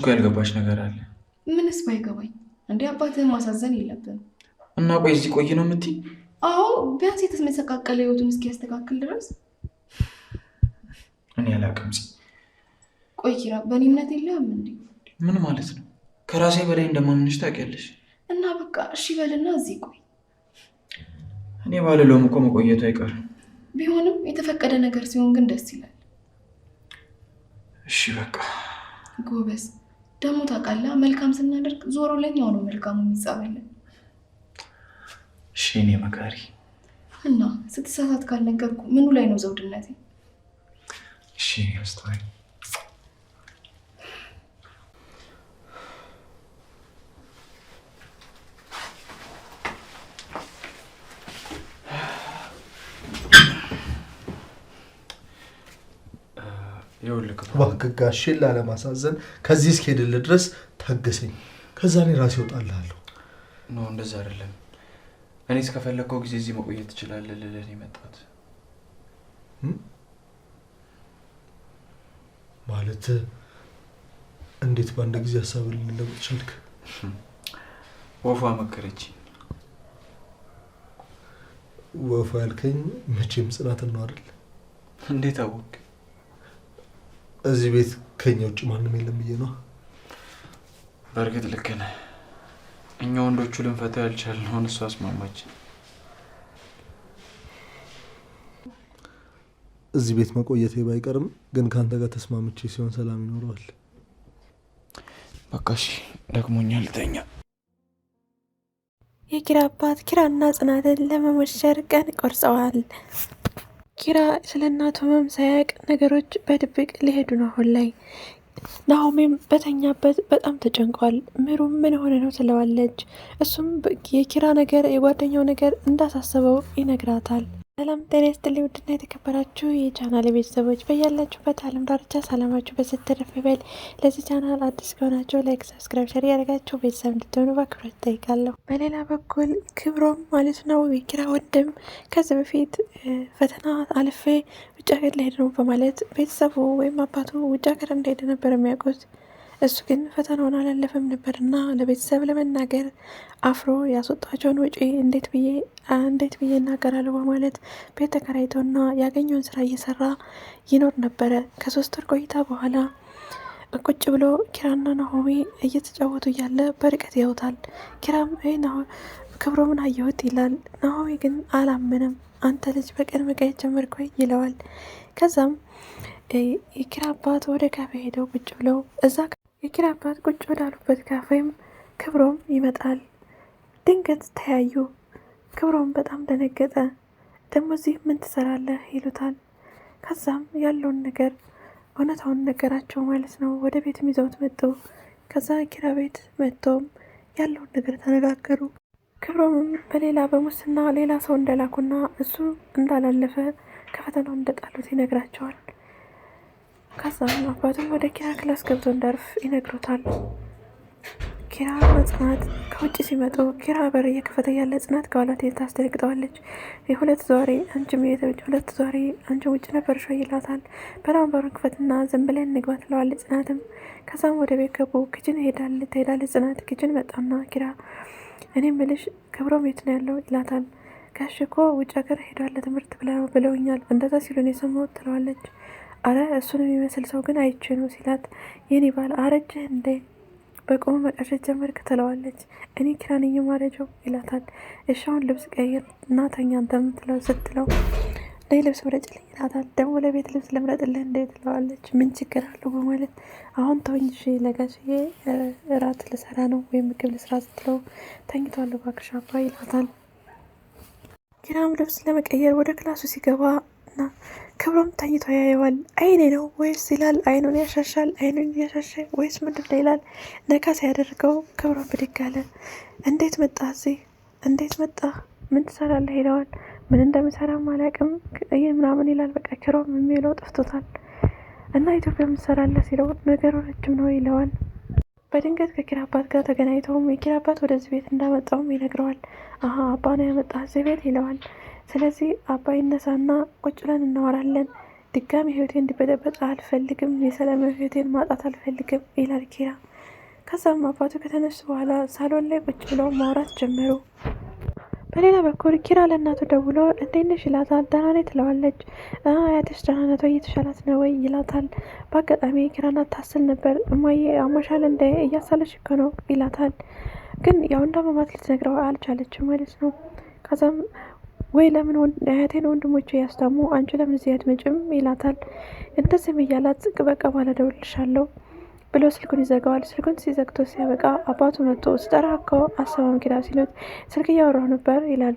እኮ ያልገባች ነገር አለ። ምንስ ባይገባኝ እንዴ? አባትህን ማሳዘን የለብን እና ቆይ እዚህ ቆይ ነው የምትይ? አዎ ቢያንስ የተመሰቃቀለ ህይወቱን እስኪያስተካክል ድረስ እኔ አላውቅም። ቆይ ኪራ፣ በእኔ እምነት የለህም እንዴ? ምን ማለት ነው? ከራሴ በላይ እንደማምንሽ ታውቂያለሽ። እና በቃ እሺ በልና እዚህ ቆይ። እኔ ባልለውም እኮ መቆየቱ አይቀርም። ቢሆንም የተፈቀደ ነገር ሲሆን ግን ደስ ይላል። እሺ በቃ ጎበዝ። ደግሞ ታውቃለህ፣ መልካም ስናደርግ ዞሮ ለኛው ነው መልካሙ የሚጻበልን። እሺ እኔ መካሪ እና ስትሳሳት ካልነገርኩ ምኑ ላይ ነው ዘውድነቴ? እሺ አስተዋይ እባክህ ጋሼን ላለማሳዘን ከዚህ እስክሄድልህ ድረስ ታገሰኝ። ከዛ ኔ ራሴ እወጣልሃለሁ። ኖ እንደዛ አይደለም። እኔ እስከፈለግከው ጊዜ እዚህ መቆየት ትችላለህ ልልህ ነው ማለት እንዴት በአንድ ጊዜ ሀሳብ ልንለውጥ ቻልክ? ወፏ መከረችኝ። ወፏ ያልከኝ መቼም ጽናት ነው አይደል? እንዴት አወቅ? እዚህ ቤት ከኛ ውጭ ማንም የለም ብዬ ነው። በእርግጥ ልክ ነህ። እኛ ወንዶቹ ልንፈታው ያልቻልነውን እሱ አስማማች። እዚህ ቤት መቆየቴ ባይቀርም ግን ከአንተ ጋር ተስማምቼ ሲሆን ሰላም ይኖረዋል። በቃ እሺ፣ ልተኛ። የኪራ አባት ኪራና ጽናትን ለመሞሸር ቀን ቆርጸዋል። ኪራ ስለ እናቱ ህመም ነገሮች በድብቅ ሊሄዱ ነው አሁን ላይ። ናሆሜም በተኛበት በጣም ተጨንቋል። ምሩም ምን ሆነ ነው ትለዋለች። እሱም የኪራ ነገር የጓደኛው ነገር እንዳሳሰበው ይነግራታል። ሰላም ጤና ይስጥልኝ። ውድና የተከበራችሁ የቻናል ቤተሰቦች በያላችሁበት አለም ዳርቻ ሰላማችሁ በስትረፍ ይበል። ለዚህ ቻናል አዲስ ከሆናችሁ ላይክ፣ ሰብስክራይብ፣ ሸር ያደርጋችሁ ቤተሰብ እንድትሆኑ በአክብሮት እጠይቃለሁ። በሌላ በኩል ክብሮም ማለት ነው የኪራ ወንድም ከዚህ በፊት ፈተና አልፌ ውጭ ሀገር ልሄድ ነው በማለት ቤተሰቡ ወይም አባቱ ውጭ ሀገር እንደሄደ ነበር የሚያውቁት። እሱ ግን ፈተናውን አላለፈም ነበርና ለቤተሰብ ለመናገር አፍሮ ያስወጣቸውን ውጪ እንዴት ብዬ እንዴት ብዬ እናገራለሁ በማለት ቤት ተከራይቶና ያገኘውን ስራ እየሰራ ይኖር ነበረ። ከሶስት ወር ቆይታ በኋላ ቁጭ ብሎ ኪራና ናሆሚ እየተጫወቱ እያለ በርቀት ያውታል። ኪራም ምን አየሁት ይላል። ናሆሚ ግን አላመነም። አንተ ልጅ በቀን መቀየት ጀመርክ ወይ ይለዋል። ከዛም የኪራ አባት ወደ ካፌ ሄደው ቁጭ ብለው እዛ የኪራ አባት ቁጭ ወዳሉበት ካፌም ክብሮም ይመጣል። ድንገት ተያዩ። ክብሮም በጣም ደነገጠ። ደግሞ እዚህ ምን ትሰራለህ ይሉታል። ከዛም ያለውን ነገር እውነታውን ነገራቸው ማለት ነው። ወደ ቤትም ይዘውት መጡ። ከዛ ኪራ ቤት መጥቶም ያለውን ነገር ተነጋገሩ። ክብሮምም በሌላ በሙስና ሌላ ሰው እንደላኩና እሱ እንዳላለፈ ከፈተናው እንደጣሉት ይነግራቸዋል። ከዛም አባቱም ወደ ኪራ ክላስ ገብቶ እንዳርፍ ይነግሮታል። ኪራ እና ጽናት ከውጭ ሲመጡ ኪራ በር እየከፈተ ያለ ጽናት ከኋላ ታስደነግጠዋለች። የሁለት ዛሬ አንቺም የተውጭ ሁለት ዛሬ አንቺም ውጭ ነበርሽ ይላታል። በጣም በሩን ክፈትና ዝም ብለን እንግባ ትለዋለች ጽናትም። ከዛም ወደ ቤት ገቡ። ኪችን ሄዳል ትሄዳለች ጽናት ኪችን መጣና ኪራ እኔ ምልሽ ክብሮም የት ነው ያለው ይላታል። ጋሽ እኮ ውጭ ሀገር ሄዷል ለትምህርት ብለውኛል እንደዛ ሲሉን የሰማሁት ትለዋለች። አረ እሱን የሚመስል ሰው ግን አይቼ ነው ሲላት፣ የኔ ባል አረጀህ እንዴ በቆመ መቃሸት ጀመርክ ትለዋለች። እኔ ኪራን እየማረጀው ይላታል። እሻውን ልብስ ቀይር እና ተኛ ስትለው ላይ ልብስ ምረጭልኝ ይላታል። ደግሞ ለቤት ልብስ ልምረጥልህ እንዴ ትለዋለች። ምን ችግር አለው በማለት አሁን ተወኝሽ ለጋሽዬ እራት ልሰራ ነው ወይም ምግብ ልስራ ስትለው ተኝቷል ባክሻባ ይላታል። ኪራም ልብስ ለመቀየር ወደ ክላሱ ሲገባ እና ክብሮም ተኝቶ ያየዋል። አይኔ ነው ወይስ ይላል። አይኑን ያሻሻል። አይኑን ያሻሻ ወይስ ምንድን ነው ይላል። ነካ ሲያደርገው ክብሮም ብድግ አለ። እንዴት መጣ እዚህ? እንዴት መጣ? ምን ትሰራለህ? ይለዋል። ምን እንደምሰራም አላውቅም ምናምን ይላል። በቃ ክብሮም የሚውለው ጠፍቶታል። እና ኢትዮጵያ ትሰራለህ ሲለው ነገሩ ረጅም ነው ይለዋል። በድንገት ከኪራ አባት ጋር ተገናኝተውም የኪራ አባት ወደዚህ ቤት እንዳመጣውም ይነግረዋል። አሀ አባ ነው ያመጣ እዚህ ቤት ይለዋል። ስለዚህ አባይ ይነሳና ቁጭ ብለን እናወራለን። ድጋሚ ህይወቴ እንዲበጠበጥ አልፈልግም፣ የሰላም ህይወቴን ማጣት አልፈልግም ይላል ኪራ። ከዛም አባቱ ከተነሱ በኋላ ሳሎን ላይ ቁጭ ብለው ማውራት ጀመሩ። በሌላ በኩል ኪራ ለእናቱ ደውሎ እንዴት ነሽ ይላታል። ደህና ነኝ ትለዋለች። አያትሽ ደህና ናት ወይ እየተሻላት ነው ወይ ይላታል። በአጋጣሚ ኪራና ታስል ነበር። እማዬ አሞሻል እንደ እያሳለች እኮ ነው ይላታል። ግን ያው እንዳመማት ልትነግረው አልቻለችም ማለት ነው። ከዛም ወይ ለምን እህቴን ወንድሞቹ ያስታሙ አንቺ ለምን እዚህ አትመጭም ይላታል። እንደዚህም እያላት ጽቅ በቃ በኋላ እደውልልሻለሁ ብሎ ስልኩን ይዘጋዋል። ስልኩን ሲዘግቶ ሲያበቃ አባቱ መጥቶ ስጠራ እኮ አሰማም ኪዳ ሲሉት ስልክ እያወራሁ ነበር ይላል።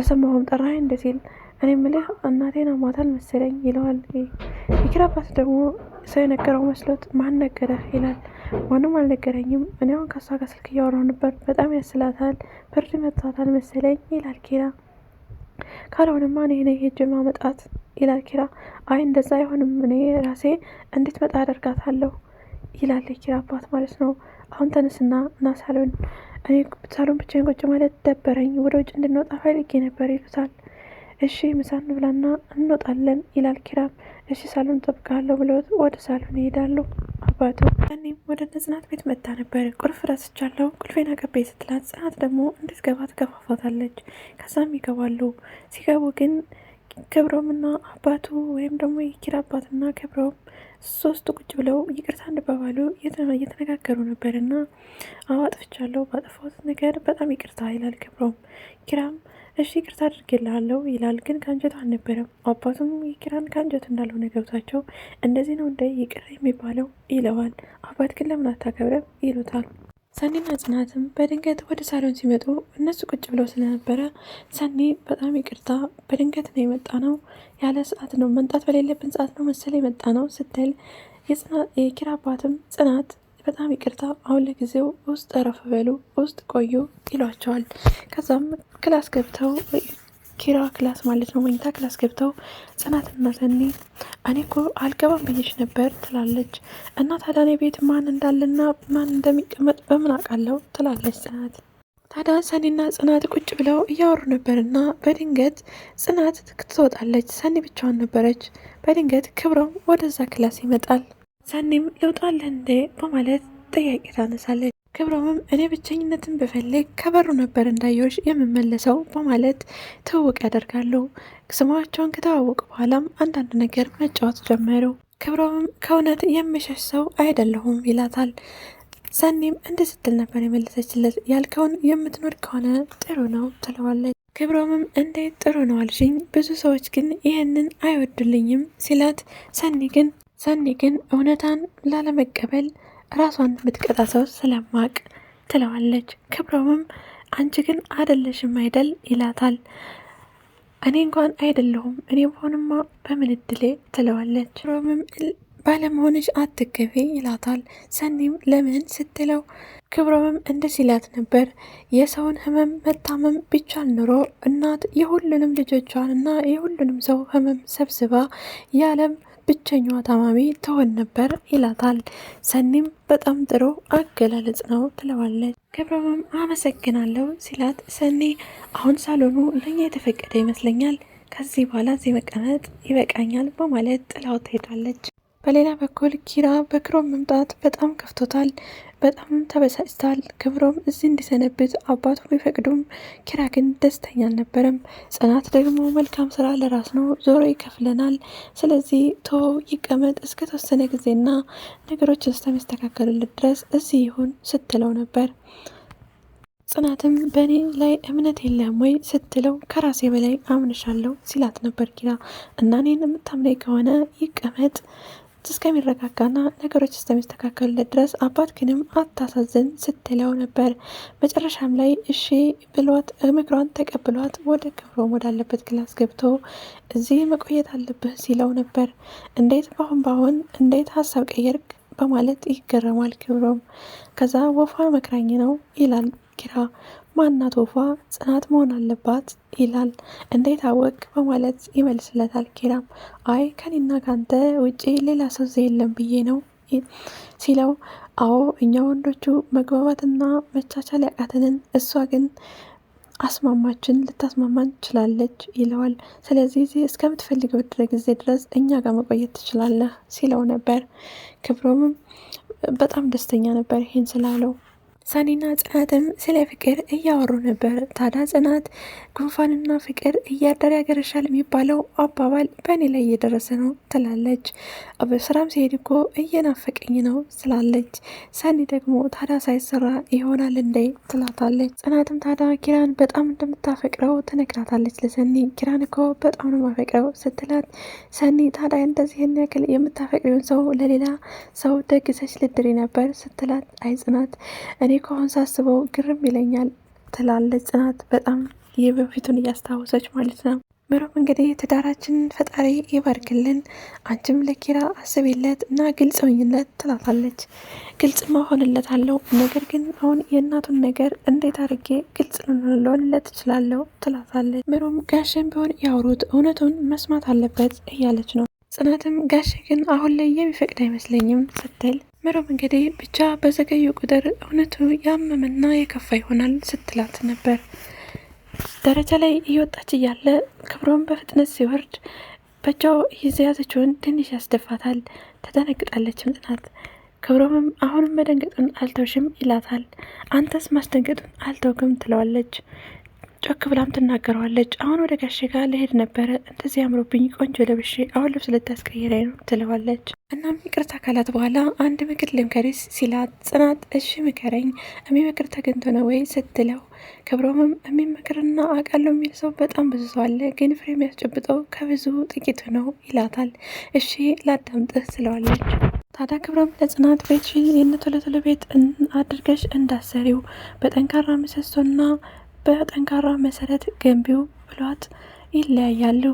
አልሰማሁም ጠራኸኝ እንደ ሲል እኔ ምልህ እናቴን አሟታል መሰለኝ ይለዋል። የኪራ አባት ደግሞ ሰው የነገረው መስሎት ማን ነገረህ ይላል። ማንም አልነገረኝም። እኔ አሁን ከሷ ጋር ስልክ እያወራሁ ነበር። በጣም ያስላታል። ብርድ መጥቷታል መሰለኝ ይላል ኪራ ካልሆንማ እኔ ነኝ ሄጄ ማመጣት ይላል ኪራ። አይ እንደዛ አይሆንም፣ እኔ ራሴ እንድትመጣ አደርጋታለሁ ይላል ኪራ አባት ማለት ነው። አሁን ተነስና እና ሳሎን እኔ ሳሎን ብቻዬን ቁጭ ማለት ደበረኝ፣ ወደ ውጭ እንድንወጣ ፈልጌ ነበር ይሉታል። እሺ ምሳን ብላና እንወጣለን ይላል ኪራም። እሺ ሳሎን ጠብቃለሁ ብለውት ወደ ሳሎን ይሄዳሉ። አባቱ ያኔም ወደ ጽናት ቤት መታ ነበር። ቁልፍ ረስቻለሁ ቁልፌን አቀበይ ስትላት ጽናት ደግሞ እንድትገባ ትገፋፋታለች። ከዛም ይገባሉ። ሲገቡ ግን ክብሮምና አባቱ ወይም ደግሞ የኪራ አባትና ክብሮም ሶስቱ ቁጭ ብለው ይቅርታ እንድባባሉ እየተነጋገሩ ነበር እና አዎ አጥፍቻለሁ፣ ባጠፋሁት ነገር በጣም ይቅርታ ይላል ክብሮም። ኪራም እሺ ቅርታ አድርጌልሃለሁ ይላል። ግን ከአንጀቱ አልነበረም። አባቱም የኪራን ከአንጀቱ እንዳልሆነ ገብታቸው እንደዚህ ነው እንደ ይቅር የሚባለው ይለዋል። አባት ግን ለምን አታከብረም ይሉታል። ሰኒና ጽናትም በድንገት ወደ ሳሎን ሲመጡ እነሱ ቁጭ ብለው ስለነበረ ሰኒ በጣም ይቅርታ በድንገት ነው የመጣ ነው ያለ ሰዓት ነው መምጣት በሌለብን ሰዓት ነው መሰለ የመጣ ነው ስትል የኪራ አባትም ጽናት በጣም ይቅርታ አሁን ለጊዜው ውስጥ ረፍ በሉ ውስጥ ቆዩ ይሏቸዋል። ከዛም ክላስ ገብተው ኪራ ክላስ ማለት ነው መኝታ ክላስ ገብተው ጽናትና ሰኒ እኔ እኮ አልገባም ብዬሽ ነበር ትላለች። እና ታዲያ እኔ ቤት ማን እንዳለና ማን እንደሚቀመጥ በምን አውቃለሁ ትላለች ጽናት። ታዲያ ሰኒና ጽናት ቁጭ ብለው እያወሩ ነበርና በድንገት ጽናት ትወጣለች። ሰኒ ብቻዋን ነበረች። በድንገት ክብረው ወደዛ ክላስ ይመጣል። ሰኒም ልውጣለህ እንዴ በማለት ጥያቄ ታነሳለች። ክብሮምም እኔ ብቸኝነትን ብፈልግ ከበሩ ነበር እንዳየሽ የምመለሰው በማለት ትውውቅ ያደርጋሉ። ስማቸውን ከተዋወቁ በኋላም አንዳንድ ነገር መጫወት ጀመሩ። ክብሮምም ከእውነት የምሸሽ ሰው አይደለሁም ይላታል። ሰኒም እንደ ስትል ነበር የመለሰችለት፣ ያልከውን የምትኖር ከሆነ ጥሩ ነው ትለዋለች። ክብሮምም እንዴት ጥሩ ነው አልሽኝ? ብዙ ሰዎች ግን ይህንን አይወዱልኝም ሲላት፣ ሰኒ ግን ሰኒ ግን እውነታን ላለመቀበል ራሷን የምትቀጣ ሰው ስለማቅ ትለዋለች። ክብረውም አንቺ ግን አደለሽም አይደል ይላታል። እኔ እንኳን አይደለሁም እኔ በሆንማ በምን እድሌ ትለዋለች። ክብረውም ባለመሆንሽ አትገቢ ይላታል። ሰኒም ለምን ስትለው ክብረውም እንደ ሲላት ነበር የሰውን ህመም መታመም ቢቻል ኑሮ እናት የሁሉንም ልጆቿን እና የሁሉንም ሰው ህመም ሰብስባ የዓለም ብቸኛዋ ታማሚ ትሆን ነበር ይላታል። ሰኒም በጣም ጥሩ አገላለጽ ነው ትለዋለች። ክብረምም አመሰግናለሁ ሲላት፣ ሰኒ አሁን ሳሎኑ ለኛ የተፈቀደ ይመስለኛል ከዚህ በኋላ እዚህ መቀመጥ ይበቃኛል በማለት ጥላው ትሄዳለች። በሌላ በኩል ኪራ በክሮም መምጣት በጣም ከፍቶታል። በጣም ተበሳጭታል። ክብሮም እዚህ እንዲሰነብት አባቱ ቢፈቅዱም ኪራ ግን ደስተኛ አልነበረም። ጽናት ደግሞ መልካም ስራ ለራስ ነው፣ ዞሮ ይከፍለናል። ስለዚህ ቶ ይቀመጥ እስከ ተወሰነ ጊዜና ነገሮችን እስከሚስተካከሉለት ድረስ እዚህ ይሁን ስትለው ነበር። ጽናትም በእኔ ላይ እምነት የለም ወይ ስትለው ከራሴ በላይ አምንሻለሁ ሲላት ነበር ኪራ እና እኔን የምታምነኝ ከሆነ ይቀመጥ እስከሚረጋጋና ነገሮች እስከሚስተካከሉለት ድረስ አባት ግንም አታሳዝን ስትለው ነበር። መጨረሻም ላይ እሺ ብሏት ምክሯን ተቀብሏት ወደ ክብሮም ወዳለበት ክላስ ገብቶ እዚህ መቆየት አለብህ ሲለው ነበር። እንዴት በአሁን በአሁን እንዴት ሀሳብ ቀየርክ በማለት ይገረማል ክብሮም። ከዛ ወፏ መክራኝ ነው ይላል ኪራ ማናት ወፏ ጽናት መሆን አለባት ይላል። እንዴት አወቅ በማለት ይመልስለታል። ኪራም አይ ከኔና ካንተ ውጪ ሌላ ሰው የለም ብዬ ነው ሲለው፣ አዎ እኛ ወንዶቹ መግባባትና መቻቻል ያቃተንን እሷ ግን አስማማችን ልታስማማን ትችላለች ይለዋል። ስለዚህ እስከምትፈልገው ድረ ጊዜ ድረስ እኛ ጋር መቆየት ትችላለህ ሲለው ነበር። ክብሮምም በጣም ደስተኛ ነበር ይህን ስላለው ሳኒና ጽናትም ስለ ፍቅር እያወሩ ነበር። ታዲያ ጽናት ጉንፋንና ፍቅር እያደር ያገረሻል የሚባለው አባባል በእኔ ላይ እየደረሰ ነው ትላለች። በስራም ሲሄድ እኮ እየናፈቀኝ ነው ስላለች፣ ሳኒ ደግሞ ታዲያ ሳይሰራ ይሆናል እንዴ ትላታለች። ጽናትም ታዲያ ኪራን በጣም እንደምታፈቅረው ትነግራታለች ለሰኒ። ኪራን እኮ በጣም ነው ማፈቅረው ስትላት፣ ሰኒ ታዲያ እንደዚህን ያክል የምታፈቅሪውን ሰው ለሌላ ሰው ደግሰች ልድሪ ነበር ስትላት፣ አይ ጽናት እኔ እኔ አሁን ሳስበው ግርም ይለኛል ትላለች ጽናት በጣም የበፊቱን እያስታወሰች ማለት ነው። ምሮም እንግዲህ ትዳራችን ፈጣሪ ይባርክልን፣ አንቺም ለኪራ አስቤለት እና ግልጽ ሆኝለት ትላታለች። ግልጽ መሆንለት አለው። ነገር ግን አሁን የእናቱን ነገር እንዴት አድርጌ ግልጽ ልሆንለት እችላለሁ? ትላታለች። ምሮም ጋሸን ቢሆን ያውሩት እውነቱን መስማት አለበት እያለች ነው። ጽናትም ጋሸ ግን አሁን ላይ የሚፈቅድ አይመስለኝም ስትል ምሮም እንግዲህ ብቻ በዘገዩ ቁጥር እውነቱ ያመመና የከፋ ይሆናል ስትላት ነበር። ደረጃ ላይ እየወጣች እያለ ክብሮም በፍጥነት ሲወርድ በእጇ የያዘችውን ትንሽ ያስደፋታል። ተደነግጣለችም ጽናት። ክብሮምም አሁንም መደንገጡን አልተውሽም ይላታል። አንተስ ማስደንገጡን አልተውክም ትለዋለች። ጮክ ብላም ትናገረዋለች። አሁን ወደ ጋሼ ጋር ልሄድ ነበረ እንደዚህ አምሮብኝ ቆንጆ ለብሼ አሁን ልብስ ልታስቀይረኝ ነው ትለዋለች። እናም ይቅርታ ካላት በኋላ አንድ ምክር ልምከሪስ ሲላት ጽናት እሺ ምከረኝ፣ የሚመክር ተገኝቶ ነው ወይ ስትለው ክብሮምም የሚመክርና አውቃለሁ የሚል ሰው በጣም ብዙ ሰው አለ፣ ግን ፍሬ የሚያስጨብጠው ከብዙ ጥቂቱ ነው ይላታል። እሺ ላዳምጥህ ትለዋለች። ታዲያ ክብሮም ለጽናት ቤትሽን የነ ቤት አድርገሽ እንዳሰሪው በጠንካራ ምሰሶና በጠንካራ መሰረት ገንቢው ብሏት ይለያያሉ።